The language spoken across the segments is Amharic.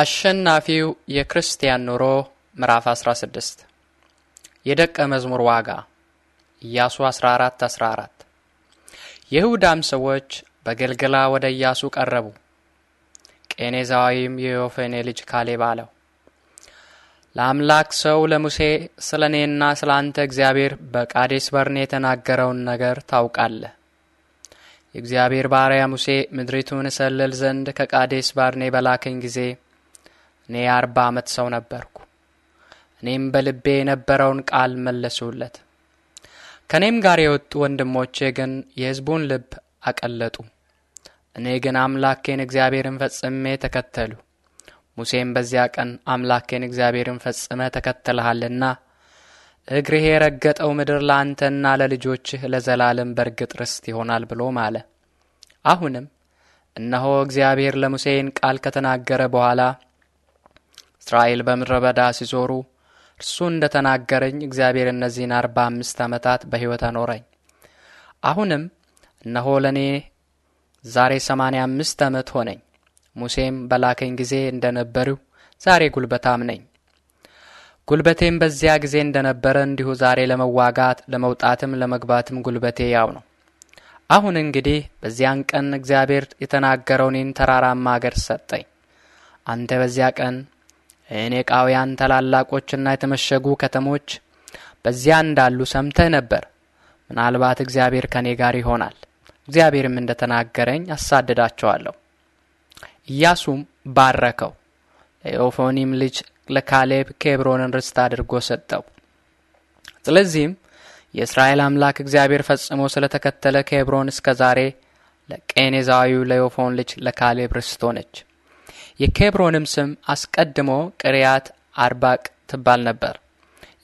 አሸናፊው የክርስቲያን ኑሮ ምዕራፍ 16 የደቀ መዝሙር ዋጋ ኢያሱ 14 14 የይሁዳም ሰዎች በገልገላ ወደ ኢያሱ ቀረቡ። ቄኔዛዊም የዮፌኔ ልጅ ካሌብ አለው፣ ለአምላክ ሰው ለሙሴ ስለ እኔና ስለ አንተ እግዚአብሔር በቃዴስ በርኔ የተናገረውን ነገር ታውቃለህ። የእግዚአብሔር ባሪያ ሙሴ ምድሪቱን እሰልል ዘንድ ከቃዴስ ባርኔ በላከኝ ጊዜ እኔ የአርባ ዓመት ሰው ነበርኩ። እኔም በልቤ የነበረውን ቃል መለሱለት። ከእኔም ጋር የወጡ ወንድሞቼ ግን የሕዝቡን ልብ አቀለጡ። እኔ ግን አምላኬን እግዚአብሔርን ፈጽሜ ተከተሉ። ሙሴም በዚያ ቀን አምላኬን እግዚአብሔርን ፈጽመ ተከተልሃልና እግርህ የረገጠው ምድር ለአንተና ለልጆችህ ለዘላለም በርግጥ ርስት ይሆናል ብሎ ማለ። አሁንም እነሆ እግዚአብሔር ለሙሴን ቃል ከተናገረ በኋላ እስራኤል በምድረ በዳ ሲዞሩ እርሱ እንደ ተናገረኝ እግዚአብሔር እነዚህን አርባ አምስት ዓመታት በሕይወት አኖረኝ። አሁንም እነሆ ለእኔ ዛሬ ሰማንያ አምስት ዓመት ሆነኝ። ሙሴም በላከኝ ጊዜ እንደ ነበርሁ ዛሬ ጉልበታም ነኝ። ጉልበቴም በዚያ ጊዜ እንደ ነበረ እንዲሁ ዛሬ ለመዋጋት ለመውጣትም ለመግባትም ጉልበቴ ያው ነው። አሁን እንግዲህ በዚያን ቀን እግዚአብሔር የተናገረው ተራራማ አገር ሰጠኝ። አንተ በዚያ ቀን የኔቃውያን ታላላቆችና የተመሸጉ ከተሞች በዚያ እንዳሉ ሰምተህ ነበር። ምናልባት እግዚአብሔር ከእኔ ጋር ይሆናል፣ እግዚአብሔርም እንደ ተናገረኝ አሳድዳቸዋለሁ። ኢያሱም ባረከው። ለዮፎኒም ልጅ ለካሌብ ኬብሮንን ርስት አድርጎ ሰጠው። ስለዚህም የእስራኤል አምላክ እግዚአብሔር ፈጽሞ ስለ ተከተለ ኬብሮን እስከ ዛሬ ለቄኔዛዊው ለዮፎን ልጅ ለካሌብ ርስት ሆነች። የኬብሮንም ስም አስቀድሞ ቅሪያት አርባቅ ትባል ነበር።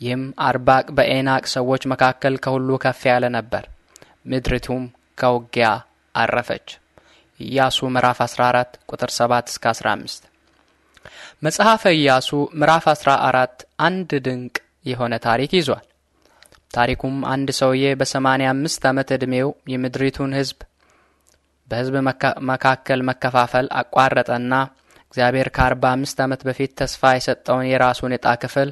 ይህም አርባቅ በኤናቅ ሰዎች መካከል ከሁሉ ከፍ ያለ ነበር። ምድሪቱም ከውጊያ አረፈች። ኢያሱ ምዕራፍ 14 ቁጥር 7 እስከ 15 መጽሐፈ ኢያሱ ምዕራፍ 14 አንድ ድንቅ የሆነ ታሪክ ይዟል። ታሪኩም አንድ ሰውዬ በ85 ዓመት ዕድሜው የምድሪቱን ሕዝብ በሕዝብ መካከል መከፋፈል አቋረጠና እግዚአብሔር ከአርባ አምስት ዓመት በፊት ተስፋ የሰጠውን የራሱን ዕጣ ክፍል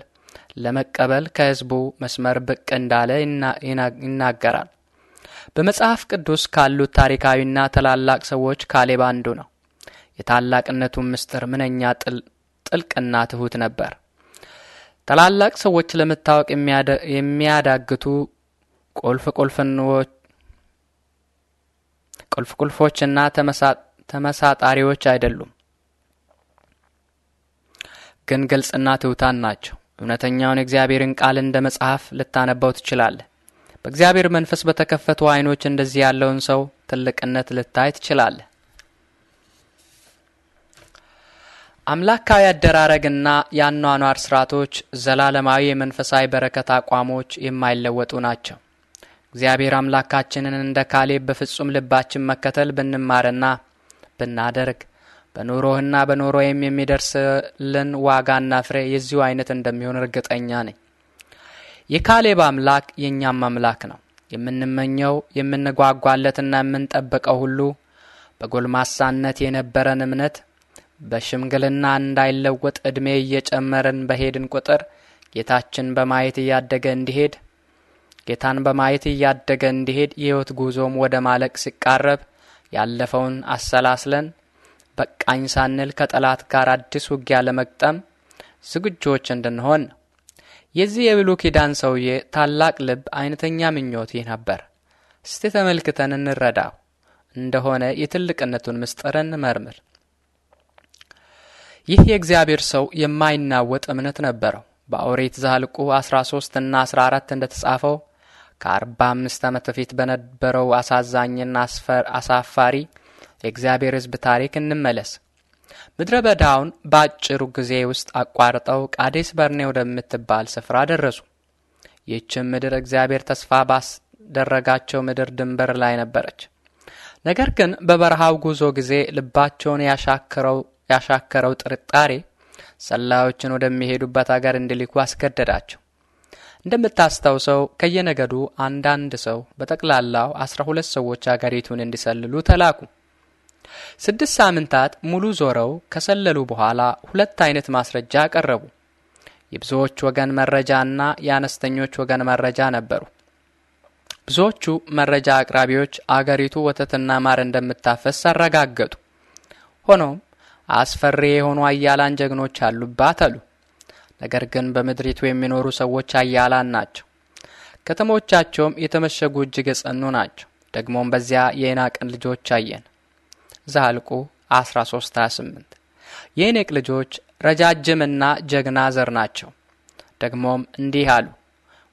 ለመቀበል ከሕዝቡ መስመር ብቅ እንዳለ ይናገራል። በመጽሐፍ ቅዱስ ካሉት ታሪካዊና ታላላቅ ሰዎች ካሌብ አንዱ ነው። የታላቅነቱን ምስጢር ምንኛ ጥልቅና ትሑት ነበር። ታላላቅ ሰዎች ለመታወቅ የሚያዳግቱ ቁልፍ ቁልፎችና ተመሳጣሪዎች አይደሉም። ግን ግልጽና ትውታን ናቸው። እውነተኛውን የእግዚአብሔርን ቃል እንደ መጽሐፍ ልታነባው ትችላለህ። በእግዚአብሔር መንፈስ በተከፈቱ ዓይኖች እንደዚህ ያለውን ሰው ትልቅነት ልታይ ትችላለህ። አምላካዊ አደራረግና የአኗኗር ስርዓቶች ዘላለማዊ የመንፈሳዊ በረከት አቋሞች የማይለወጡ ናቸው። እግዚአብሔር አምላካችንን እንደ ካሌብ በፍጹም ልባችን መከተል ብንማርና ብናደርግ በኑሮህና በኑሮዬም የሚደርስልን ዋጋና ፍሬ የዚሁ አይነት እንደሚሆን እርግጠኛ ነኝ። የካሌብ አምላክ የእኛም አምላክ ነው። የምንመኘው የምንጓጓለትና የምንጠብቀው ሁሉ በጎልማሳነት የነበረን እምነት በሽምግልና እንዳይለወጥ ዕድሜ እየጨመርን በሄድን ቁጥር ጌታችን በማየት እያደገ እንዲሄድ ጌታን በማየት እያደገ እንዲሄድ የሕይወት ጉዞም ወደ ማለቅ ሲቃረብ ያለፈውን አሰላስለን በቃኝ ሳንል ከጠላት ጋር አዲስ ውጊያ ለመግጠም ዝግጆች እንድንሆን የዚህ የብሉይ ኪዳን ሰውዬ ታላቅ ልብ አይነተኛ ምኞት ይህ ነበር። እስቲ ተመልክተን እንረዳው እንደሆነ የትልቅነቱን ምስጢር እንመርምር። ይህ የእግዚአብሔር ሰው የማይናወጥ እምነት ነበረው። በኦሪት ዘኍልቍ 13 እና 14 እንደተጻፈው ከ45 ዓመት በፊት በነበረው አሳዛኝና አሳፋሪ የእግዚአብሔር ሕዝብ ታሪክ እንመለስ። ምድረ በዳውን በአጭሩ ጊዜ ውስጥ አቋርጠው ቃዴስ በርኔ ወደምትባል ስፍራ ደረሱ። ይህችም ምድር እግዚአብሔር ተስፋ ባስደረጋቸው ምድር ድንበር ላይ ነበረች። ነገር ግን በበረሃው ጉዞ ጊዜ ልባቸውን ያሻከረው ጥርጣሬ ሰላዮችን ወደሚሄዱበት አገር እንዲልኩ አስገደዳቸው። እንደምታስታውሰው ከየነገዱ አንዳንድ ሰው በጠቅላላው አስራ ሁለት ሰዎች አገሪቱን እንዲሰልሉ ተላኩ። ስድስት ሳምንታት ሙሉ ዞረው ከሰለሉ በኋላ ሁለት አይነት ማስረጃ አቀረቡ። የብዙዎች ወገን መረጃና የአነስተኞች ወገን መረጃ ነበሩ። ብዙዎቹ መረጃ አቅራቢዎች አገሪቱ ወተትና ማር እንደምታፈስ አረጋገጡ። ሆኖም አስፈሪ የሆኑ አያላን ጀግኖች አሉባት አሉ። ነገር ግን በምድሪቱ የሚኖሩ ሰዎች አያላን ናቸው። ከተሞቻቸውም የተመሸጉ እጅግ የጸኑ ናቸው። ደግሞም በዚያ የኢናቅን ልጆች አየን። ዛልቁ 13፥28 የኢኔቅ ልጆች ረጃጅምና ጀግና ዘር ናቸው። ደግሞም እንዲህ አሉ፣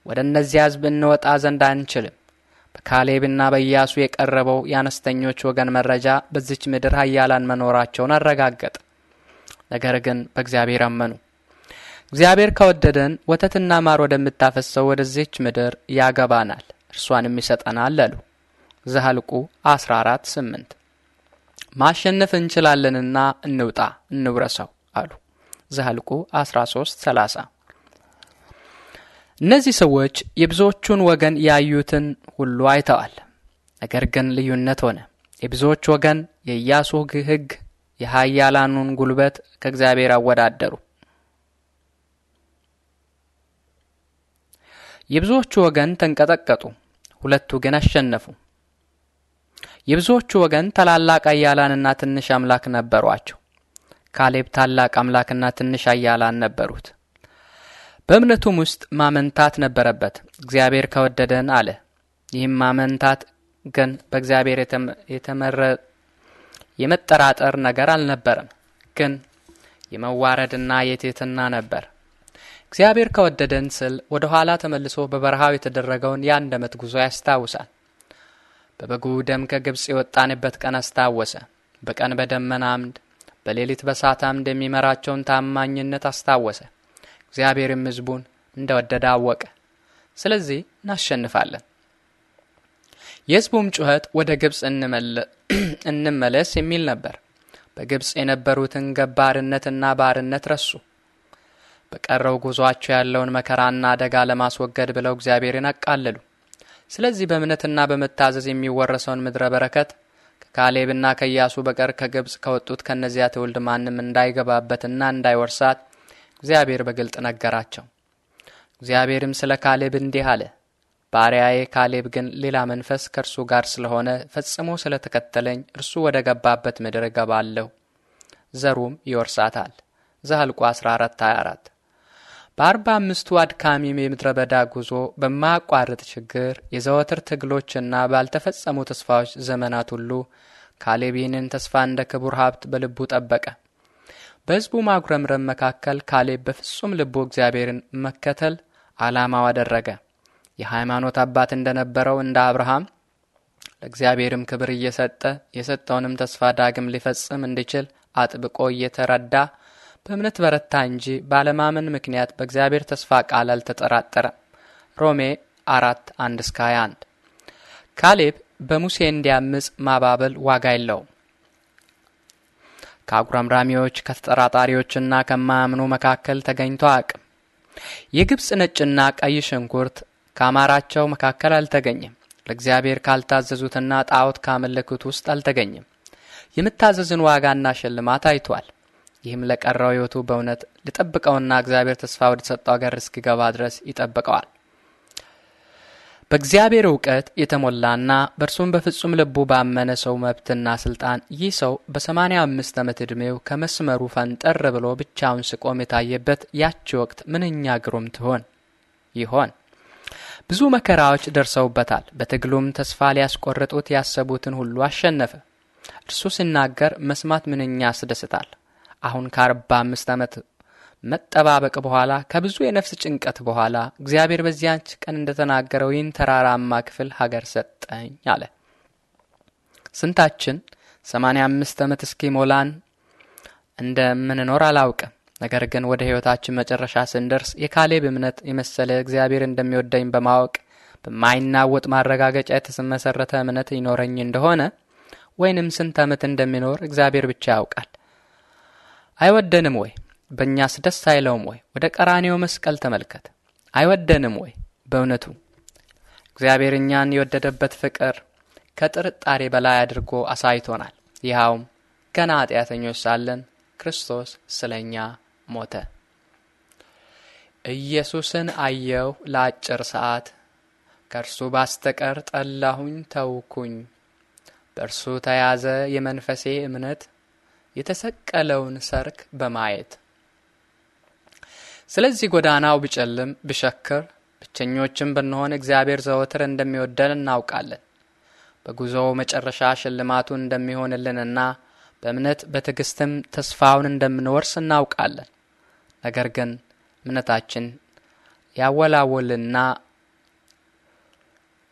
ወደ እነዚያ ሕዝብ እንወጣ ዘንድ አንችልም። በካሌብና በኢያሱ የቀረበው የአነስተኞች ወገን መረጃ በዚች ምድር ኃያላን መኖራቸውን አረጋገጠ። ነገር ግን በእግዚአብሔር አመኑ። እግዚአብሔር ከወደደን ወተትና ማር ወደምታፈሰው ወደዚች ምድር ያገባናል፣ እርሷንም ይሰጠናል አሉ። ዘኍልቍ 14፥8 ማሸነፍ እንችላለንና እንውጣ እንውረሰው አሉ። ዘኍልቍ 13 30 እነዚህ ሰዎች የብዙዎቹን ወገን ያዩትን ሁሉ አይተዋል። ነገር ግን ልዩነት ሆነ። የብዙዎች ወገን የኢያሱ ሕግ የኃያላኑን ጉልበት ከእግዚአብሔር አወዳደሩ። የብዙዎቹ ወገን ተንቀጠቀጡ፣ ሁለቱ ግን አሸነፉ። የብዙዎቹ ወገን ታላላቅ አያላንና ትንሽ አምላክ ነበሯቸው። ካሌብ ታላቅ አምላክና ትንሽ አያላን ነበሩት። በእምነቱም ውስጥ ማመንታት ነበረበት። እግዚአብሔር ከወደደን አለ። ይህም ማመንታት ግን በእግዚአብሔር የተመረ የመጠራጠር ነገር አልነበረም፣ ግን የመዋረድና የትሕትና ነበር። እግዚአብሔር ከወደደን ስል ወደ ኋላ ተመልሶ በበረሃው የተደረገውን የአንድ ዓመት ጉዞ ያስታውሳል። በበጉ ደም ከግብፅ የወጣንበት ቀን አስታወሰ። በቀን በደመና አምድ፣ በሌሊት በሳት አምድ የሚመራቸውን ታማኝነት አስታወሰ። እግዚአብሔርም ሕዝቡን እንደወደደ አወቀ። ስለዚህ እናሸንፋለን። የሕዝቡም ጩኸት ወደ ግብፅ እንመለስ የሚል ነበር። በግብፅ የነበሩትን ገባርነትና ባርነት ረሱ። በቀረው ጉዟቸው ያለውን መከራና አደጋ ለማስወገድ ብለው እግዚአብሔርን አቃለሉ። ስለዚህ በእምነትና በመታዘዝ የሚወረሰውን ምድረ በረከት ከካሌብና ከኢያሱ በቀር ከግብፅ ከወጡት ከእነዚያ ትውልድ ማንም እንዳይገባበትና እንዳይወርሳት እግዚአብሔር በግልጥ ነገራቸው። እግዚአብሔርም ስለ ካሌብ እንዲህ አለ። ባሪያዬ ካሌብ ግን ሌላ መንፈስ ከእርሱ ጋር ስለሆነ ፈጽሞ ስለ ተከተለኝ እርሱ ወደ ገባበት ምድር እገባለሁ፣ ዘሩም ይወርሳታል። ዘኍልቍ 14 24 በአርባ አምስቱ አድካሚ የምድረ በዳ ጉዞ በማያቋርጥ ችግር የዘወትር ትግሎችና ባልተፈጸሙ ተስፋዎች ዘመናት ሁሉ ካሌብ ይህንን ተስፋ እንደ ክቡር ሀብት በልቡ ጠበቀ። በሕዝቡ ማጉረምረም መካከል ካሌብ በፍጹም ልቡ እግዚአብሔርን መከተል ዓላማው አደረገ። የሃይማኖት አባት እንደነበረው እንደ አብርሃም ለእግዚአብሔርም ክብር እየሰጠ የሰጠውንም ተስፋ ዳግም ሊፈጽም እንዲችል አጥብቆ እየተረዳ በእምነት በረታ እንጂ ባለማመን ምክንያት በእግዚአብሔር ተስፋ ቃል አልተጠራጠረም። ሮሜ አራት አንድ እስከ 21 ካሌብ በሙሴ እንዲያምፅ ማባበል ዋጋ የለው። ከአጉረምራሚዎች ከተጠራጣሪዎችና ከማያምኑ መካከል ተገኝቶ አቅም የግብፅ ነጭና ቀይ ሽንኩርት ከአማራቸው መካከል አልተገኘም። ለእግዚአብሔር ካልታዘዙትና ጣዖት ካመለኩት ውስጥ አልተገኘም። የምታዘዝን ዋጋና ሽልማት አይቷል። ይህም ለቀረው ሕይወቱ በእውነት ሊጠብቀውና እግዚአብሔር ተስፋ ወደ ሰጠው አገር እስኪገባ ድረስ ይጠብቀዋል። በእግዚአብሔር እውቀት የተሞላና በእርሱም በፍጹም ልቡ ባመነ ሰው መብትና ስልጣን ይህ ሰው በ85 ዓመት ዕድሜው ከመስመሩ ፈንጠር ብሎ ብቻውን ሲቆም የታየበት ያቺ ወቅት ምንኛ ግሩም ትሆን ይሆን? ብዙ መከራዎች ደርሰውበታል። በትግሉም ተስፋ ሊያስቆርጡት ያሰቡትን ሁሉ አሸነፈ። እርሱ ሲናገር መስማት ምንኛ ያስደስታል። አሁን ከአርባ አምስት ዓመት መጠባበቅ በኋላ ከብዙ የነፍስ ጭንቀት በኋላ እግዚአብሔር በዚያች ቀን እንደተናገረው ይህን ተራራማ ክፍል ሀገር ሰጠኝ አለ። ስንታችን ሰማንያ አምስት ዓመት ሞላን እንደምንኖር አላውቅም። ነገር ግን ወደ ሕይወታችን መጨረሻ ስንደርስ የካሌብ እምነት የመሰለ እግዚአብሔር እንደሚወደኝ በማወቅ በማይናወጥ ማረጋገጫ የተመሰረተ እምነት ይኖረኝ እንደሆነ ወይንም ስንት ዓመት እንደሚኖር እግዚአብሔር ብቻ ያውቃል። አይወደንም ወይ? በእኛስ ደስ አይለውም ወይ? ወደ ቀራኔው መስቀል ተመልከት። አይወደንም ወይ? በእውነቱ እግዚአብሔር እኛን የወደደበት ፍቅር ከጥርጣሬ በላይ አድርጎ አሳይቶናል። ይኸውም ገና ኃጢአተኞች ሳለን ክርስቶስ ስለ እኛ ሞተ። ኢየሱስን አየው ለአጭር ሰዓት፣ ከእርሱ ባስተቀር ጠላሁኝ ተውኩኝ። በእርሱ ተያዘ የመንፈሴ እምነት የተሰቀለውን ሰርክ በማየት ስለዚህ ጎዳናው ቢጨልም ብሸክር ብቸኞችም ብንሆን እግዚአብሔር ዘወትር እንደሚወደን እናውቃለን። በጉዞው መጨረሻ ሽልማቱን እንደሚሆንልንና በእምነት በትዕግስትም ተስፋውን እንደምንወርስ እናውቃለን። ነገር ግን እምነታችን ያወላወልና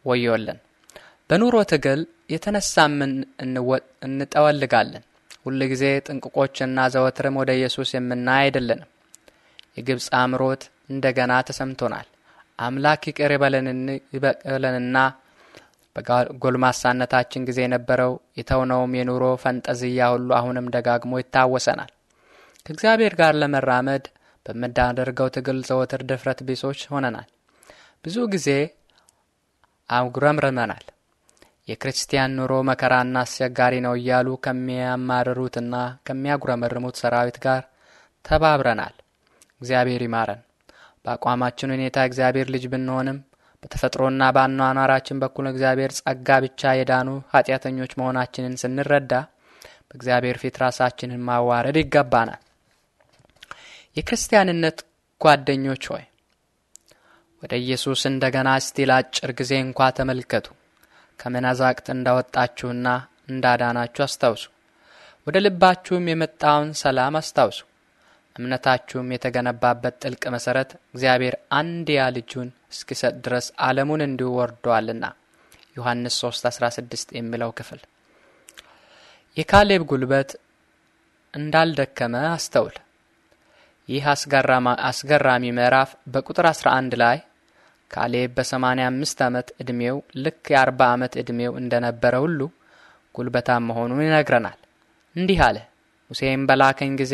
ወዮልን። በኑሮ ትግል የተነሳም እንጠወልጋለን። ሁል ጊዜ ጥንቅቆችና ዘወትርም ወደ ኢየሱስ የምናይ አይደለንም። የግብፅ አምሮት እንደገና ተሰምቶናል። አምላክ ይቅር ይበለንና በጎልማሳነታችን ጊዜ የነበረው የተውነውም የኑሮ ፈንጠዝያ ሁሉ አሁንም ደጋግሞ ይታወሰናል። ከእግዚአብሔር ጋር ለመራመድ በምናደርገው ትግል ዘወትር ድፍረት ቢሶች ሆነናል። ብዙ ጊዜ አጉረምርመናል። የክርስቲያን ኑሮ መከራና አስቸጋሪ ነው እያሉ ከሚያማርሩትና ከሚያጉረመርሙት ሰራዊት ጋር ተባብረናል። እግዚአብሔር ይማረን። በአቋማችን ሁኔታ እግዚአብሔር ልጅ ብንሆንም በተፈጥሮና በአኗኗራችን በኩል እግዚአብሔር ጸጋ ብቻ የዳኑ ኃጢአተኞች መሆናችንን ስንረዳ በእግዚአብሔር ፊት ራሳችንን ማዋረድ ይገባናል። የክርስቲያንነት ጓደኞች ሆይ ወደ ኢየሱስ እንደገና እስቲ ለአጭር ጊዜ እንኳ ተመልከቱ። ከመናዛቅት እንዳወጣችሁና እንዳዳናችሁ አስታውሱ። ወደ ልባችሁም የመጣውን ሰላም አስታውሱ። እምነታችሁም የተገነባበት ጥልቅ መሠረት እግዚአብሔር አንድያ ልጁን እስኪሰጥ ድረስ ዓለሙን እንዲሁ ወርዶአልና ዮሐንስ 3:16 የሚለው ክፍል የካሌብ ጉልበት እንዳልደከመ አስተውል። ይህ አስገራሚ ምዕራፍ በቁጥር 11 ላይ ካሌብ በ85 ዓመት ዕድሜው ልክ የአርባ ዓመት ዕድሜው እንደነበረ ሁሉ ጉልበታም መሆኑን ይነግረናል። እንዲህ አለ፣ ሙሴም በላከኝ ጊዜ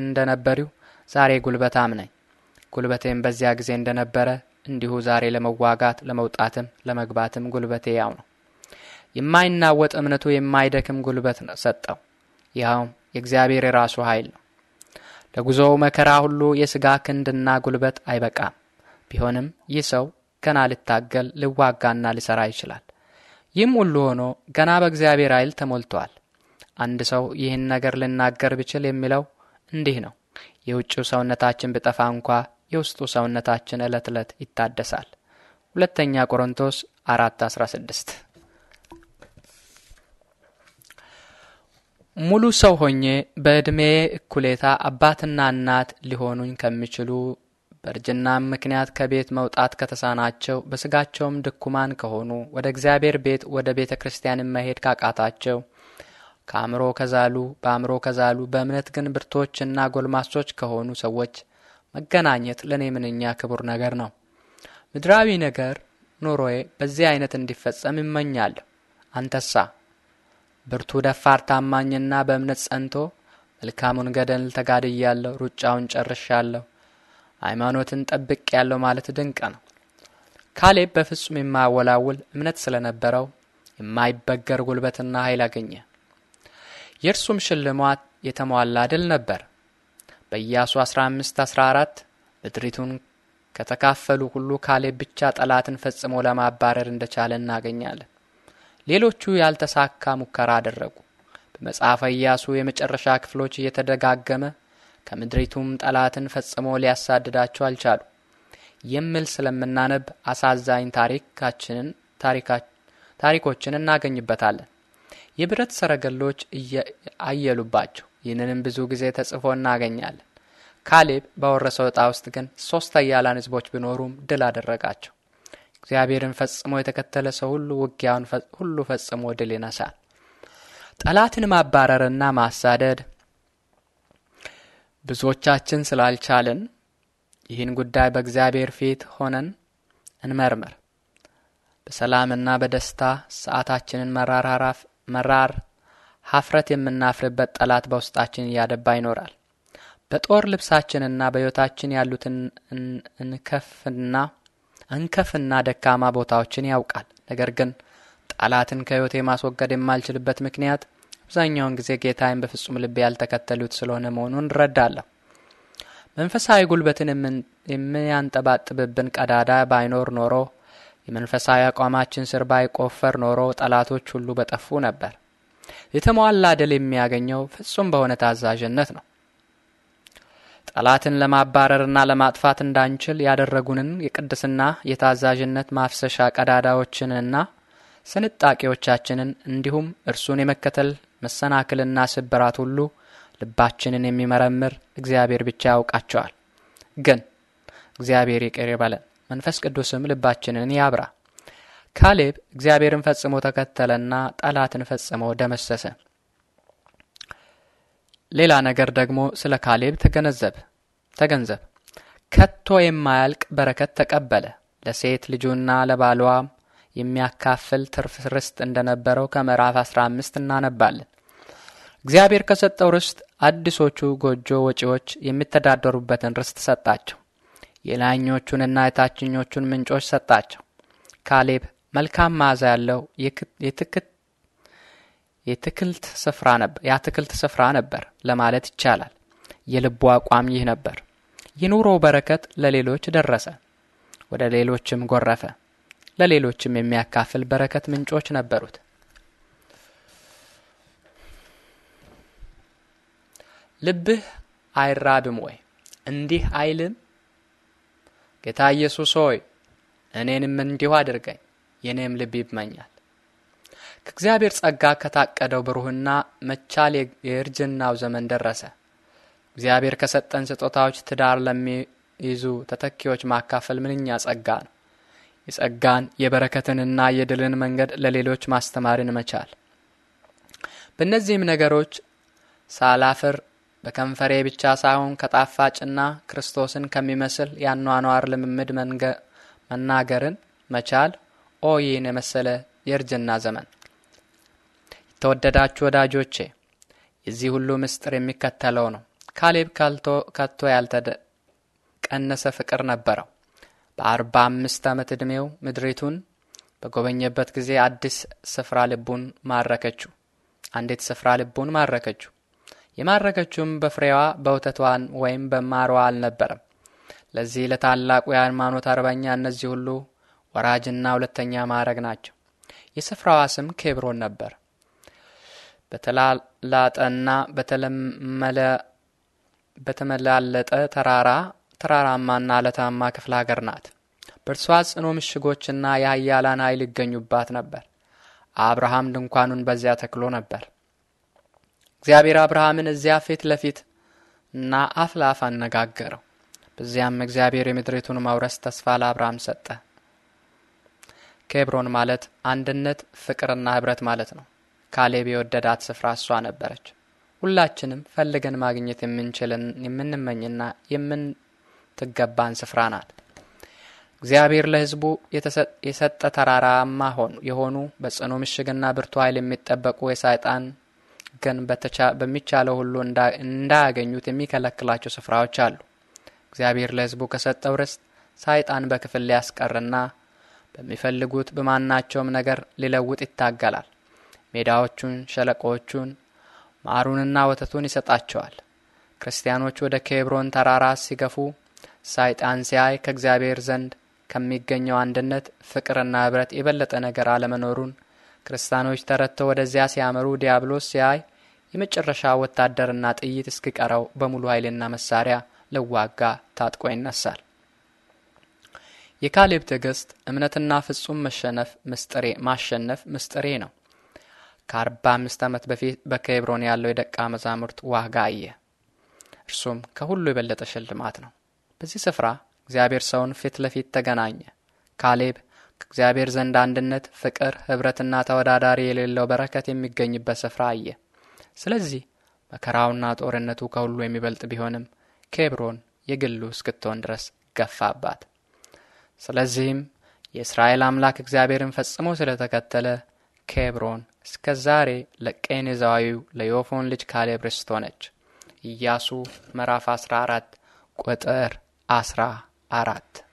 እንደነበሪው ዛሬ ጉልበታም ነኝ። ጉልበቴም በዚያ ጊዜ እንደነበረ እንዲሁ ዛሬ ለመዋጋት ለመውጣትም ለመግባትም ጉልበቴ ያው ነው። የማይናወጥ እምነቱ የማይደክም ጉልበት ሰጠው፣ ይኸውም የእግዚአብሔር የራሱ ኃይል ነው። ለጉዞው መከራ ሁሉ የሥጋ ክንድና ጉልበት አይበቃም። ቢሆንም ይህ ሰው ገና ልታገል ልዋጋና ሊሰራ ይችላል። ይህም ሁሉ ሆኖ ገና በእግዚአብሔር ኃይል ተሞልቷል። አንድ ሰው ይህን ነገር ልናገር ብችል የሚለው እንዲህ ነው። የውጭው ሰውነታችን ብጠፋ እንኳ የውስጡ ሰውነታችን ዕለት ዕለት ይታደሳል። ሁለተኛ ቆሮንቶስ 4 16 ሙሉ ሰው ሆኜ በዕድሜዬ እኩሌታ አባትና እናት ሊሆኑኝ ከሚችሉ በእርጅናም ምክንያት ከቤት መውጣት ከተሳናቸው በስጋቸውም ድኩማን ከሆኑ ወደ እግዚአብሔር ቤት ወደ ቤተ ክርስቲያን መሄድ ካቃታቸው ከአእምሮ ከዛሉ በአእምሮ ከዛሉ በእምነት ግን ብርቶችና ጎልማሶች ከሆኑ ሰዎች መገናኘት ለእኔ ምንኛ ክቡር ነገር ነው። ምድራዊ ነገር ኑሮዬ በዚህ አይነት እንዲፈጸም ይመኛል። አንተሳ ብርቱ፣ ደፋር፣ ታማኝና በእምነት ጸንቶ መልካሙን ገደል ተጋድያለሁ፣ ሩጫውን ጨርሻለሁ ሃይማኖትን ጠብቅ ያለው ማለት ድንቅ ነው። ካሌብ በፍጹም የማያወላውል እምነት ስለነበረው የማይበገር ጉልበትና ኃይል አገኘ። የእርሱም ሽልማት የተሟላ ድል ነበር። በኢያሱ 15 14 ምድሪቱን ከተካፈሉ ሁሉ ካሌብ ብቻ ጠላትን ፈጽሞ ለማባረር እንደቻለ እናገኛለን። ሌሎቹ ያልተሳካ ሙከራ አደረጉ። በመጽሐፈ ኢያሱ የመጨረሻ ክፍሎች እየተደጋገመ ከምድሪቱም ጠላትን ፈጽሞ ሊያሳድዳቸው አልቻሉ የሚል ስለምናነብ አሳዛኝ ታሪካችንን ታሪኮችን እናገኝበታለን። የብረት ሰረገሎች አየሉባቸው። ይህንንም ብዙ ጊዜ ተጽፎ እናገኛለን። ካሌብ በወረሰው ዕጣ ውስጥ ግን ሶስት አያላን ህዝቦች ቢኖሩም ድል አደረጋቸው። እግዚአብሔርን ፈጽሞ የተከተለ ሰው ሁሉ ውጊያውን ሁሉ ፈጽሞ ድል ይነሳል። ጠላትን ማባረርና ማሳደድ ብዙዎቻችን ስላልቻልን ይህን ጉዳይ በእግዚአብሔር ፊት ሆነን እንመርምር። በሰላምና በደስታ ሰዓታችንን መራር ሀፍረት የምናፍርበት ጠላት በውስጣችን እያደባ ይኖራል። በጦር ልብሳችንና በሕይወታችን ያሉትን እንከፍና እንከፍና ደካማ ቦታዎችን ያውቃል። ነገር ግን ጠላትን ከሕይወቴ ማስወገድ የማልችልበት ምክንያት አብዛኛውን ጊዜ ጌታዬን በፍጹም ልቤ ያልተከተሉት ስለሆነ መሆኑን እንረዳለሁ። መንፈሳዊ ጉልበትን የሚያንጠባጥብብን ቀዳዳ ባይኖር ኖሮ የመንፈሳዊ አቋማችን ስር ባይቆፈር ኖሮ ጠላቶች ሁሉ በጠፉ ነበር። የተሟላ ድል የሚያገኘው ፍጹም በሆነ ታዛዥነት ነው። ጠላትን ለማባረርና ለማጥፋት እንዳንችል ያደረጉንን የቅድስና የታዛዥነት ማፍሰሻ ቀዳዳዎችንና ስንጣቂዎቻችንን እንዲሁም እርሱን የመከተል መሰናክልና ስብራት ሁሉ ልባችንን የሚመረምር እግዚአብሔር ብቻ ያውቃቸዋል። ግን እግዚአብሔር ይቅር ይበለን፣ መንፈስ ቅዱስም ልባችንን ያብራ። ካሌብ እግዚአብሔርን ፈጽሞ ተከተለና ጠላትን ፈጽሞ ደመሰሰ። ሌላ ነገር ደግሞ ስለ ካሌብ ተገነዘብ ተገንዘብ ከቶ የማያልቅ በረከት ተቀበለ። ለሴት ልጁና ለባሏም የሚያካፍል ትርፍ ርስት እንደነበረው ከምዕራፍ 15 እናነባለን። እግዚአብሔር ከሰጠው ርስት አዲሶቹ ጎጆ ወጪዎች የሚተዳደሩበትን ርስት ሰጣቸው። የላይኞቹንና የታችኞቹን ምንጮች ሰጣቸው። ካሌብ መልካም መዓዛ ያለው የአትክልት ስፍራ ነበር ለማለት ይቻላል። የልቡ አቋም ይህ ነበር። የኑሮ በረከት ለሌሎች ደረሰ፣ ወደ ሌሎችም ጎረፈ። ለሌሎችም የሚያካፍል በረከት ምንጮች ነበሩት። ልብህ አይራብም ወይ? እንዲህ አይልም? ጌታ ኢየሱስ ሆይ እኔንም እንዲሁ አድርገኝ፣ የእኔም ልብ ይመኛል። ከእግዚአብሔር ጸጋ ከታቀደው ብሩህና መቻል የእርጅናው ዘመን ደረሰ። እግዚአብሔር ከሰጠን ስጦታዎች ትዳር ለሚይዙ ተተኪዎች ማካፈል ምንኛ ጸጋ ነው! የጸጋን የበረከትንና የድልን መንገድ ለሌሎች ማስተማርን መቻል። በእነዚህም ነገሮች ሳላፍር በከንፈሬ ብቻ ሳይሆን ከጣፋጭና ክርስቶስን ከሚመስል የአኗኗር ልምምድ መናገርን መቻል። ኦ ይህን የመሰለ የእርጅና ዘመን! የተወደዳችሁ ወዳጆቼ የዚህ ሁሉ ምስጢር የሚከተለው ነው። ካሌብ ከቶ ያልተቀነሰ ፍቅር ነበረው። በአርባ አምስት ዓመት ዕድሜው ምድሪቱን በጎበኘበት ጊዜ አዲስ ስፍራ ልቡን ማረከችው። አንዲት ስፍራ ልቡን ማረከችው። የማረከችውም በፍሬዋ በወተቷን ወይም በማሯ አልነበረም። ለዚህ ለታላቁ የሃይማኖት አርበኛ እነዚህ ሁሉ ወራጅና ሁለተኛ ማዕረግ ናቸው። የስፍራዋ ስም ኬብሮን ነበር። በተላላጠና በተመላለጠ ተራራ ተራራማና አለታማ ክፍለ ሀገር ናት። በእርሷ ጽኑ ምሽጎችና የኃያላን ኃይል ይገኙባት ነበር። አብርሃም ድንኳኑን በዚያ ተክሎ ነበር። እግዚአብሔር አብርሃምን እዚያ ፊት ለፊት እና አፍ ለአፍ አነጋገረው። በዚያም እግዚአብሔር የምድሪቱን መውረስ ተስፋ ለአብርሃም ሰጠ። ኬብሮን ማለት አንድነት፣ ፍቅርና ህብረት ማለት ነው። ካሌብ የወደዳት ስፍራ እሷ ነበረች። ሁላችንም ፈልገን ማግኘት የምንችልን የምንመኝና የምን የምትገባን ስፍራ ናት። እግዚአብሔር ለሕዝቡ የሰጠ ተራራማ የሆኑ በጽኑ ምሽግና ብርቱ ኃይል የሚጠበቁ የሳይጣን ግን በሚቻለው ሁሉ እንዳያገኙት የሚከለክላቸው ስፍራዎች አሉ። እግዚአብሔር ለሕዝቡ ከሰጠው ርስት ሳይጣን በክፍል ሊያስቀርና በሚፈልጉት በማናቸውም ነገር ሊለውጥ ይታገላል። ሜዳዎቹን፣ ሸለቆዎቹን፣ ማሩንና ወተቱን ይሰጣቸዋል። ክርስቲያኖች ወደ ኬብሮን ተራራ ሲገፉ ሳይጣን ሲያይ ከእግዚአብሔር ዘንድ ከሚገኘው አንድነት ፍቅርና ኅብረት የበለጠ ነገር አለመኖሩን ክርስቲያኖች ተረድተው ወደዚያ ሲያመሩ ዲያብሎስ ሲያይ የመጨረሻ ወታደርና ጥይት እስኪቀረው በሙሉ ኃይልና መሳሪያ ልዋጋ ታጥቆ ይነሳል። የካሌብ ትዕግስት፣ እምነትና ፍጹም መሸነፍ ምስጢሬ ማሸነፍ ምስጢሬ ነው። ከአርባ አምስት ዓመት በፊት በኬብሮን ያለው የደቀ መዛሙርት ዋጋ አየ። እርሱም ከሁሉ የበለጠ ሽልማት ነው። በዚህ ስፍራ እግዚአብሔር ሰውን ፊት ለፊት ተገናኘ። ካሌብ ከእግዚአብሔር ዘንድ አንድነት፣ ፍቅር፣ ኅብረትና ተወዳዳሪ የሌለው በረከት የሚገኝበት ስፍራ አየ። ስለዚህ መከራውና ጦርነቱ ከሁሉ የሚበልጥ ቢሆንም ኬብሮን የግሉ እስክትሆን ድረስ ገፋባት። ስለዚህም የእስራኤል አምላክ እግዚአብሔርን ፈጽሞ ስለተከተለ ኬብሮን እስከ ዛሬ ለቄኔዛዊው ለዮፎን ልጅ ካሌብ ርስት ሆነች። ኢያሱ ምዕራፍ 14 ቁጥር አስራ አራት